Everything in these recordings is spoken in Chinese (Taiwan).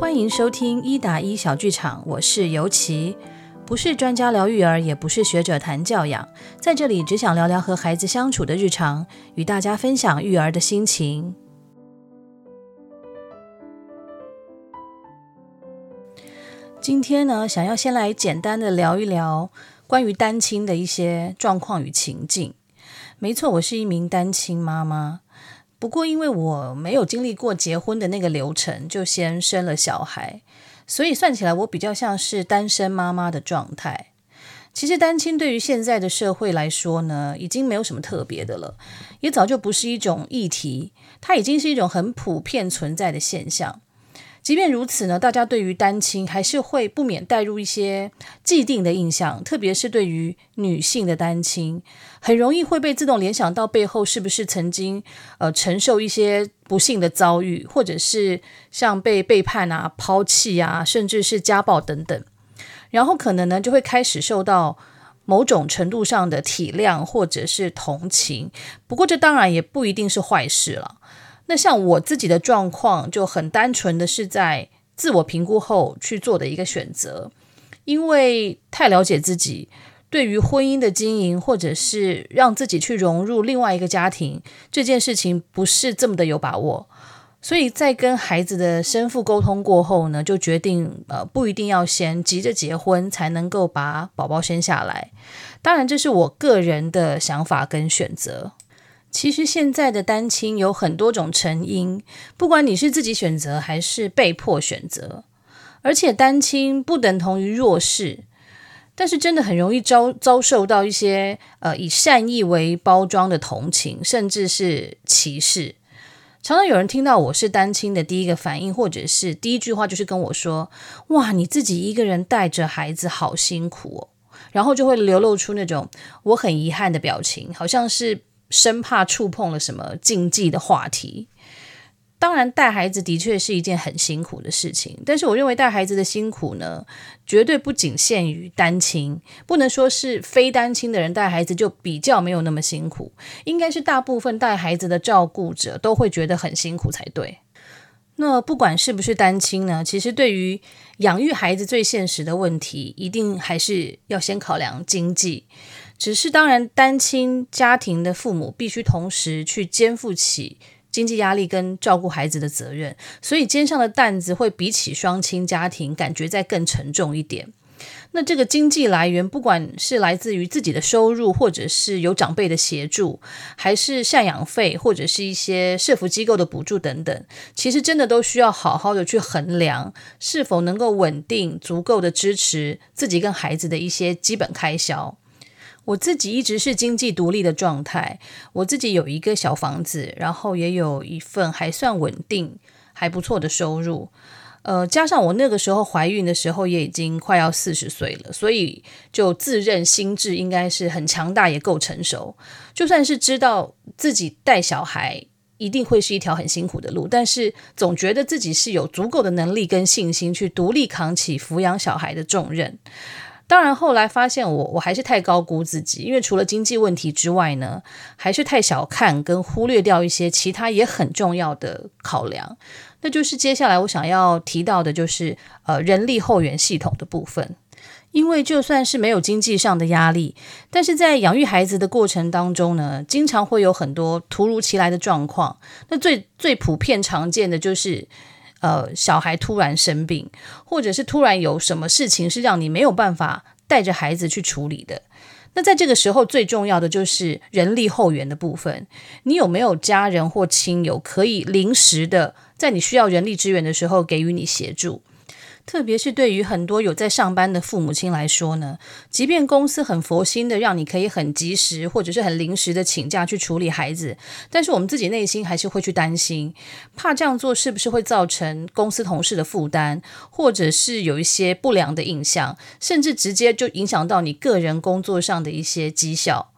歡迎收聽一打一小劇場，我是尤琪，不是專家聊育兒，也不是學者談教養，在這裡只想聊聊和孩子相處的日常，與大家分享育兒的心情。今天呢，想要先來簡單的聊一聊關於單親的一些狀況與情境。沒錯，我是一名單親媽媽。不過，因為我沒有經歷過結婚的那個流程，就先生了小孩，所以算起來我比較像是單身媽媽的狀態。其實單親對於現在的社會來說呢，已經沒有什麼特別的了，也早就不是一種議題，它已經是一種很普遍存在的現象。即便如此呢，大家對於單親還是會不免帶入一些既定的印象，特別是對於女性的單親，很容易會被自動聯想到背後是不是曾經呃承受一些不幸的遭遇，或者是像被背叛啊、拋棄啊，甚至是家暴等等。然後可能呢就會開始受到某種程度上的體諒或者是同情。不過這當然也不一定是壞事了。那像我自己的狀況就很單純的是在自我評估後去做的一個選擇，因為太了解自己，對於婚姻的經營或者是讓自己去融入另外一個家庭這件事情不是這麼的有把握，所以在跟孩子的生父溝通過後呢，就決定呃不一定要先急着結婚才能夠把寶寶生下來。當然這是我個人的想法跟選擇。其實現在的單親有很多種成因，不管你是自己選擇還是被迫選擇，而且單親不等同於弱勢，但是真的很容易遭遭受到一些呃以善意為包裝的同情，甚至是歧視。常常有人聽到我是單親的第一個反應，或者是第一句話就是跟我說：“哇，你自己一個人帶着孩子好辛苦哦。”然後就會流露出那種我很遺憾的表情，好像是。生怕觸碰了什麼禁忌的話題。當然，帶孩子的確是一件很辛苦的事情，但是我認為帶孩子的辛苦呢，絕對不僅限於單親，不能說是非單親的人帶孩子就比較沒有那麼辛苦，應該是大部分帶孩子的照顧者都會覺得很辛苦才對。那不管是不是單親呢，其實對於養育孩子最現實的問題，一定還是要先考量經濟。只是當然，單親家庭的父母必須同時去肩負起經濟壓力跟照顧孩子的責任，所以肩上的擔子會比起雙親家庭感覺再更沉重一點。那這個經濟來源，不管是來自於自己的收入，或者是有長輩的協助，還是贍養費，或者是一些社福機構的補助等等，其實真的都需要好好的去衡量，是否能夠穩定足夠的支持自己跟孩子的一些基本開銷。我自己一直是經濟獨立的狀態，我自己有一個小房子，然後也有一份還算穩定、還不錯的收入。呃，加上我那個時候懷孕的時候也已經快要四十歲了，所以就自認心智應該是很強大，也夠成熟。就算是知道自己帶小孩一定會是一條很辛苦的路，但是總覺得自己是有足夠的能力跟信心去獨立扛起撫養小孩的重任。當然，後來發現我，我還是太高估自己，因為除了經濟問題之外呢，還是太小看跟忽略掉一些其他也很重要的考量。那就是接下來我想要提到的，就是呃人力後援系統的部分，因為就算是沒有經濟上的壓力，但是在養育孩子的過程當中呢，經常會有很多突如其來的狀況。那最最普遍常見的就是。呃，小孩突然生病，或者是突然有什麼事情是讓你沒有辦法帶着孩子去處理的，那在這個時候最重要的就是人力後援的部分，你有沒有家人或親友可以臨時的在你需要人力支援的時候給予你協助？特別是對於很多有在上班的父母親來說呢，即便公司很佛心的讓你可以很及時或者是很臨時的請假去處理孩子，但是我們自己內心還是會去擔心，怕這樣做是不是會造成公司同事的負擔，或者是有一些不良的印象，甚至直接就影響到你個人工作上的一些績效。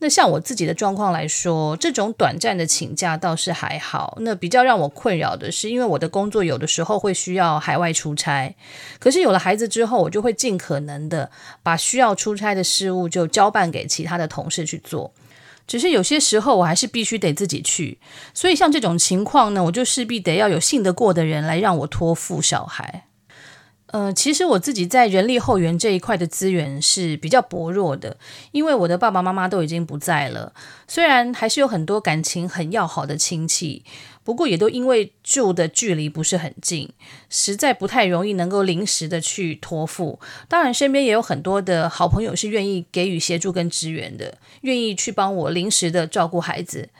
那像我自己的狀況來說，這種短暫的請假倒是還好。那比較讓我困擾的是，因為我的工作有的時候會需要海外出差，可是有了孩子之後，我就會盡可能的把需要出差的事務就交辦給其他的同事去做。只是有些時候我還是必須得自己去，所以像這種情況呢，我就勢必得要有信得過的人來讓我托付小孩。呃，其實我自己在人力後援這一塊的資源是比較薄弱的，因為我的爸爸媽媽都已經不在了。雖然還是有很多感情很要好的親戚，不過也都因為住的距離不是很近，實在不太容易能夠臨時的去托付。當然，身邊也有很多的好朋友是願意給予協助跟支援的，願意去幫我臨時的照顧孩子。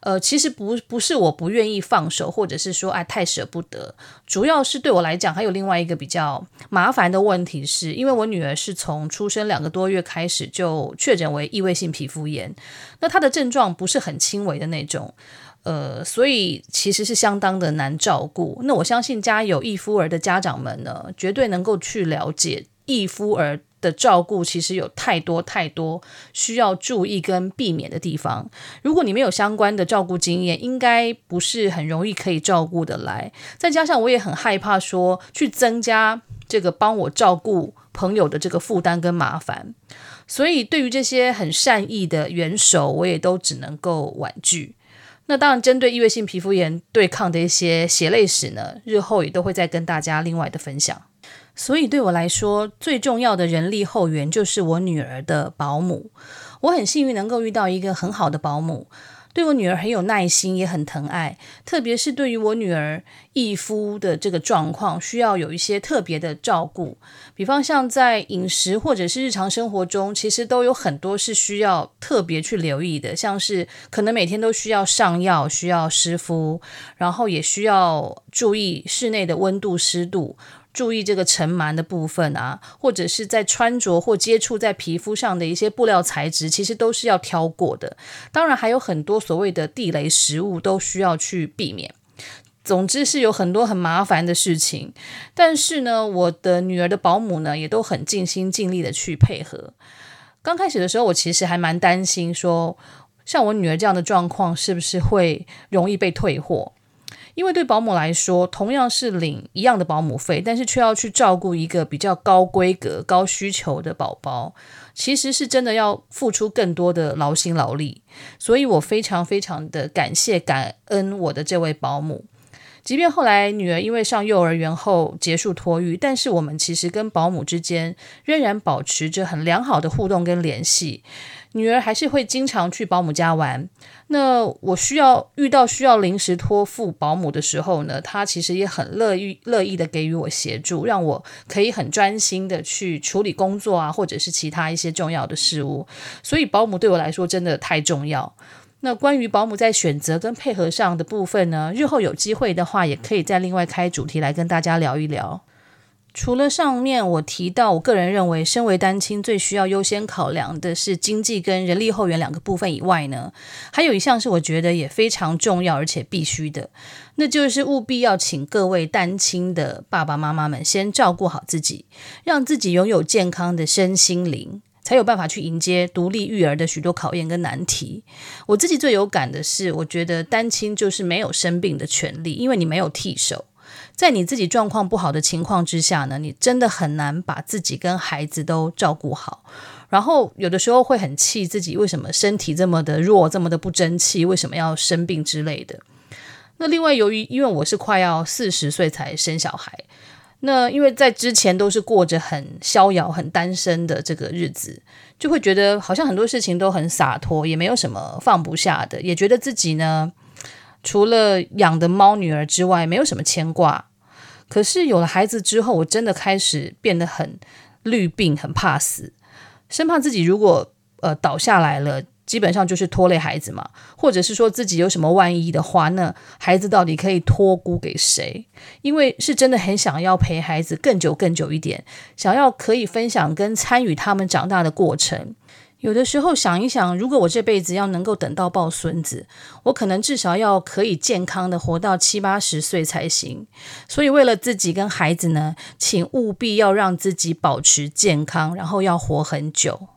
呃，其實不不是我不願意放手，或者是說哎太舍不得，主要是對我來講還有另外一個比較麻煩的問題是，是因為我女兒是從出生兩個多月開始就確診為異位性皮膚炎，那她的症狀不是很輕微的那種，呃，所以其實是相當的難照顧。那我相信家有異膚兒的家長們呢，絕對能夠去了解異膚兒。的照顧其實有太多太多需要注意跟避免的地方。如果你沒有相關的照顧經驗，應該不是很容易可以照顧得來。再加上我也很害怕說去增加這個幫我照顧朋友的這個負擔跟麻煩，所以對於這些很善意的援手，我也都只能夠婉拒。那當然，針對異位性皮膚炎對抗的一些血淚史呢，日後也都會再跟大家另外的分享。所以對我來說，最重要的人力後援就是我女兒的保姆。我很幸運能夠遇到一個很好的保姆，對我女兒很有耐心，也很疼愛。特別是對於我女兒異膚的這個狀況，需要有一些特別的照顧。比方像在飲食或者是日常生活中，其實都有很多是需要特別去留意的，像是可能每天都需要上藥，需要濕敷，然後也需要注意室內的溫度、濕度。注意這個塵蟎的部分啊，或者是在穿着或接觸在皮膚上的一些布料材質，其實都是要挑過的。當然還有很多所謂的地雷食物都需要去避免。總之是有很多很麻煩的事情。但是呢，我的女兒的保姆呢也都很盡心盡力的去配合。剛開始的時候，我其實還蠻擔心說，說像我女兒這樣的狀況是不是會容易被退貨。因為對保姆來說，同樣是領一樣的保姆費，但是卻要去照顧一個比較高規格、高需求的寶寶，其實是真的要付出更多的勞心勞力。所以我非常非常的感謝、感恩我的這位保姆。即便後來女兒因為上幼兒園後結束托育，但是我們其實跟保姆之間仍然保持着很良好的互動跟聯繫。女兒還是會經常去保姆家玩。那我需要遇到需要臨時托付保姆的時候呢，她其實也很樂意樂意的給予我協助，讓我可以很專心的去處理工作啊，或者是其他一些重要的事務。所以保姆對我來說真的太重要。那關於保姆在選擇跟配合上的部分呢，日後有機會的話也可以再另外開主題來跟大家聊一聊。除了上面我提到，我個人認為，身為單親最需要優先考量的是經濟跟人力後援兩個部分以外呢，還有一項是我覺得也非常重要而且必須的，那就是務必要請各位單親的爸爸媽媽們先照顧好自己，讓自己擁有健康的身心靈，才有辦法去迎接獨立育兒的許多考驗跟難題。我自己最有感的是，我覺得單親就是沒有生病的權利，因為你沒有替手。在你自己狀況不好的情況之下呢，你真的很難把自己跟孩子都照顧好，然後有的時候會很氣自己，為什麼身體這麼的弱，這麼的不爭氣，為什麼要生病之類的。那另外，由於因為我是快要四十歲才生小孩，那因為在之前都是過着很逍遙、很單身的這個日子，就會覺得好像很多事情都很灑脫，也沒有什麼放不下的，也覺得自己呢，除了養的貓女兒之外，沒有什麼牽掛。可是有了孩子之後，我真的開始變得很慮病，很怕死，生怕自己如果呃倒下來了，基本上就是拖累孩子嘛，或者是說自己有什麼萬一的話呢，那孩子到底可以托孤給誰？因為是真的很想要陪孩子更久、更久一點，想要可以分享跟參與他們長大的過程。有的時候想一想，如果我這輩子要能夠等到抱孫子，我可能至少要可以健康的活到七八十歲才行。所以，為了自己跟孩子呢，請務必要讓自己保持健康，然後要活很久。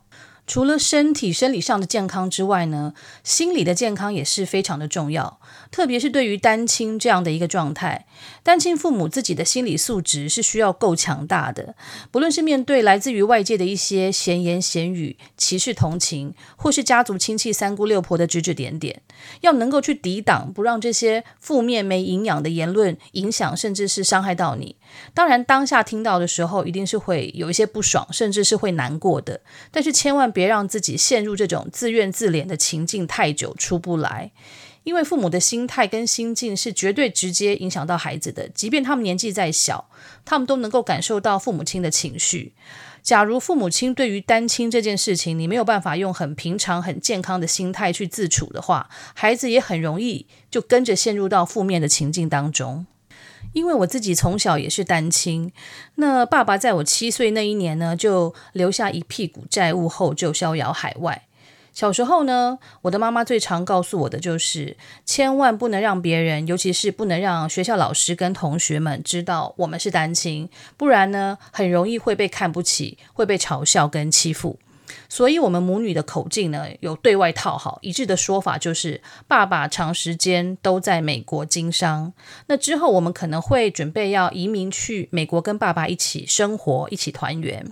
除了身體生理上的健康之外呢，心理的健康也是非常的重要，特別是對於單親這樣的一個狀態。單親父母自己的心理素質是需要夠強大的，不論是面對來自於外界的一些閒言閒語、歧視、同情，或是家族親戚三姑六婆的指指點點，要能夠去抵擋，不讓這些負面、沒營養的言論影響，甚至是傷害到你。當然，當下聽到的時候，一定是會有一些不爽，甚至是會難過的。但是千萬別讓自己陷入這種自怨自憐的情境太久，出不來。因為父母的心態跟心境是絕對直接影響到孩子的，即便他們年紀再小，他們都能夠感受到父母親的情緒。假如父母親對於單親這件事情，你沒有辦法用很平常、很健康的心態去自處的話，孩子也很容易就跟着陷入到負面的情境當中。因為我自己從小也是單親，那爸爸在我七歲那一年呢，就留下一屁股債務後就逍遙海外。小時候呢，我的媽媽最常告訴我的就是，千萬不能讓別人，尤其是不能讓學校老師跟同學們知道我們是單親，不然呢，很容易會被看不起，會被嘲笑跟欺負。所以，我們母女的口徑呢，有對外套好一致的說法，就是爸爸長時間都在美國經商，那之後我們可能會準備要移民去美國跟爸爸一起生活，一起團圓。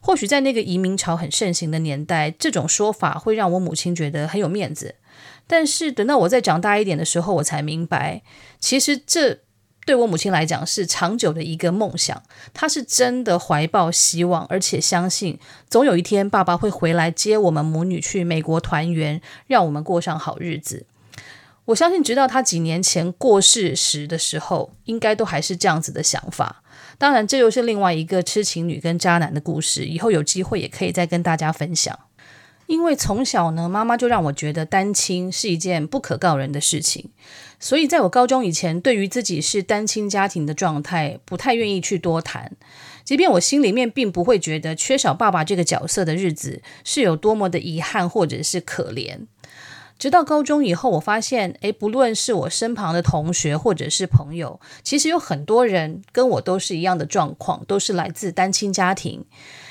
或許在那個移民潮很盛行的年代，這種說法會讓我母親覺得很有面子。但是等到我再長大一點的時候，我才明白，其實這對我母親來講是長久的一個夢想。她是真的懷抱希望，而且相信總有一天爸爸會回來接我們母女去美國團圓，讓我們過上好日子。我相信，直到他幾年前過世時的時候，應該都還是這樣子的想法。當然，這就是另外一個痴情女跟渣男的故事。以後有機會也可以再跟大家分享。因為從小呢，媽媽就讓我覺得單親是一件不可告人的事情，所以在我高中以前，對於自己是單親家庭的狀態，不太願意去多談。即便我心裡面並不會覺得缺少爸爸這個角色的日子是有多麼的遺憾或者是可憐。直到高中以後，我發現，誒，不論是我身旁的同學或者是朋友，其實有很多人跟我都是一樣的狀況，都是來自單親家庭。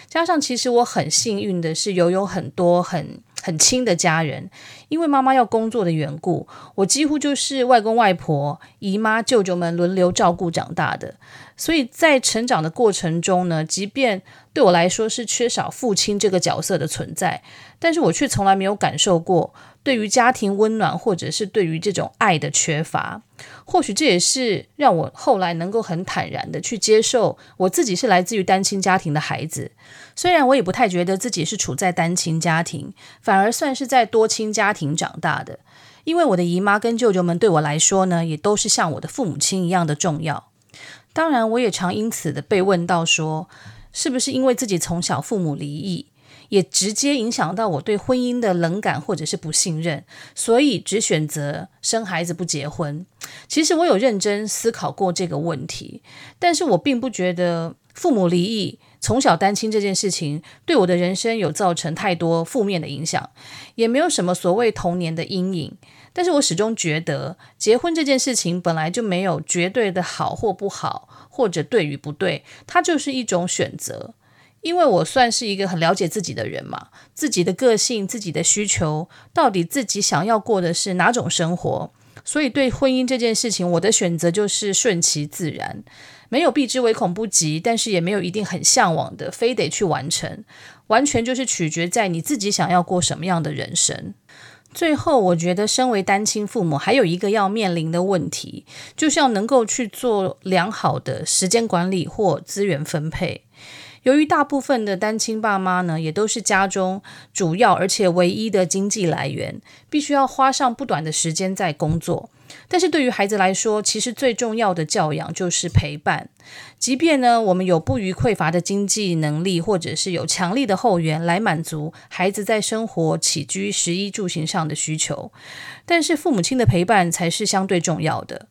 加上，其實我很幸運的是，擁有很多很很親的家人。因為媽媽要工作的緣故，我幾乎就是外公外婆、姨媽、舅舅們輪流照顧長大的。所以在成長的過程中呢，即便對我來說是缺少父親這個角色的存在，但是我卻從來沒有感受過。對於家庭溫暖，或者是對於這種愛的缺乏，或許這也是讓我後來能夠很坦然地去接受我自己是來自於單親家庭的孩子。雖然我也不太覺得自己是處在單親家庭，反而算是在多親家庭長大的。因為我的姨媽跟舅舅們對我來說呢，也都是像我的父母親一樣的重要。當然，我也常因此的被問到說，是不是因為自己從小父母離異？也直接影響到我對婚姻的冷感或者是不信任，所以只選擇生孩子不結婚。其實我有認真思考過這個問題，但是我並不覺得父母離異、從小單親這件事情對我的人生有造成太多負面的影響，也沒有什麼所謂童年的陰影。但是我始終覺得，結婚這件事情本來就沒有絕對的好或不好，或者對與不對，它就是一種選擇。因為我算是一個很了解自己的人嘛，自己的個性、自己的需求，到底自己想要過的是哪種生活，所以對婚姻這件事情，我的選擇就是順其自然，沒有避之唯恐不及，但是也沒有一定很嚮往的，非得去完成，完全就是取決在你自己想要過什麼樣的人生。最後，我覺得身為單親父母，還有一個要面臨的問題，就是要能夠去做良好的時間管理或資源分配。由於大部分的單親爸媽呢，也都是家中主要而且唯一的經濟來源，必須要花上不短的時間在工作。但是對於孩子來說，其實最重要的教養就是陪伴。即便呢，我們有不虞匱乏的經濟能力，或者是有強力的後援來滿足孩子在生活起居、食衣住行上的需求，但是父母親的陪伴才是相對重要的。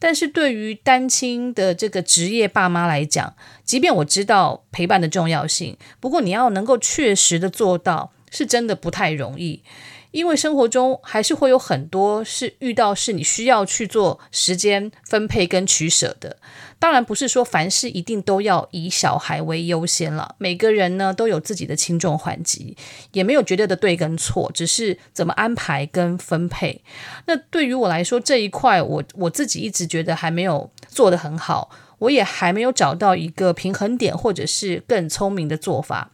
但是對於單親的這個職業爸媽來講，即便我知道陪伴的重要性，不過你要能夠確實的做到，是真的不太容易。因為生活中還是會有很多是遇到，是你需要去做時間分配跟取捨的。當然不是說凡事一定都要以小孩為優先了，每個人呢都有自己的輕重緩急，也沒有絕對的對跟錯，只是怎麼安排跟分配。那對於我來說，這一塊我我自己一直覺得還沒有做得很好，我也還沒有找到一個平衡點，或者是更聰明的做法。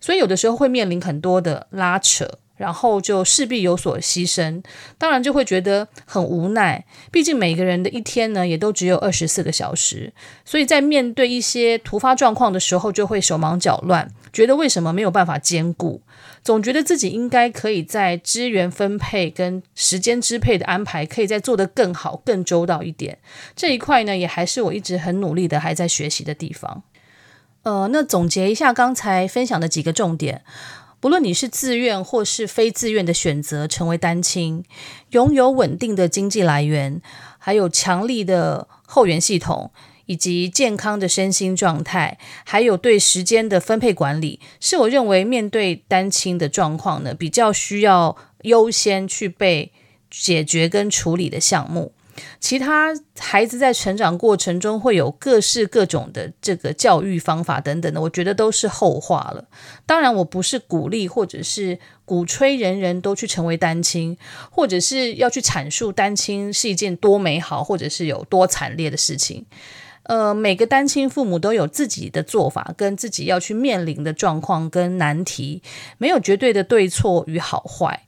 所以有的時候會面臨很多的拉扯。然後就勢必有所犧牲，當然就會覺得很無奈。畢竟每個人的一天呢，也都只有二十四個小時，所以在面對一些突發狀況的時候，就會手忙腳亂，覺得為什麼沒有辦法兼顧？總覺得自己應該可以在資源分配跟時間支配的安排，可以再做得更好、更周到一點。這一塊呢，也還是我一直很努力的，還在學習的地方。呃，那總結一下剛才分享的幾個重點。不論你是自願或是非自願的選擇成為單親，擁有穩定的經濟來源，還有強力的後援系統，以及健康的身心狀態，還有對時間的分配管理，是我認為面對單親的狀況呢，比較需要優先去被解決跟處理的項目。其他孩子在成長過程中會有各式各種的這個教育方法等等的，我覺得都是後話了。當然，我不是鼓勵或者是鼓吹人人都去成為單親，或者是要去闡述單親是一件多美好，或者是有多慘烈的事情。呃，每個單親父母都有自己的做法跟自己要去面臨的狀況跟難題，沒有絕對的對錯與好壞。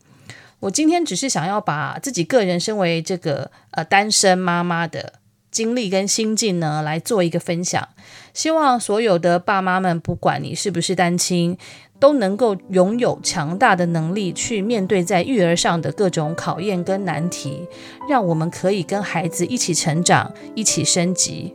我今天只是想要把自己個人身為這個，呃，單身媽媽的經歷跟心境呢，來做一個分享。希望所有的爸媽們，不管你是不是單親，都能夠擁有強大的能力去面對在育兒上的各種考驗跟難題，讓我們可以跟孩子一起成長，一起升級。